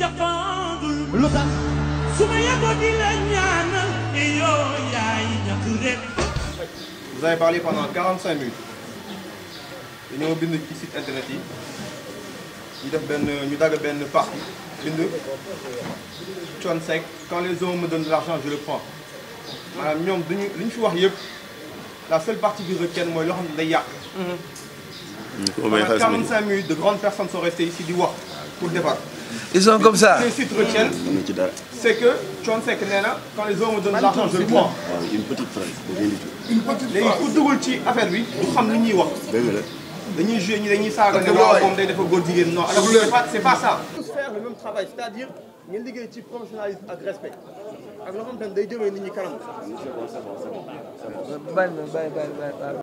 jàppandul lu tax su ma yeboo di dañoo bind ci site internet yi ñu def benn ñu dagg benn partie bind Thione Seck les hommes me donnent de l'argent je le fi wax yëpp la seule partie qu'ils mooy loo xam ne mm-hmm. di pour débattre. ils sont comme ça. c'est que Thione Seck nee na quand les hommes me donnent l'argent je prends. waaw une petite phrase une petite léegi ku dugal ci affaire bi du xam li ñuy wax. dëgg la dañuy joué ñu dañuy saaga ne waaw moom day dafa góor jigéen non alors c'est pas c'est pas ça. tous faire le même travail c'est-à-dire ngeen liggéey ci professionnalisme ak respect ak loo xam ne day jëmee nit ñi kanam.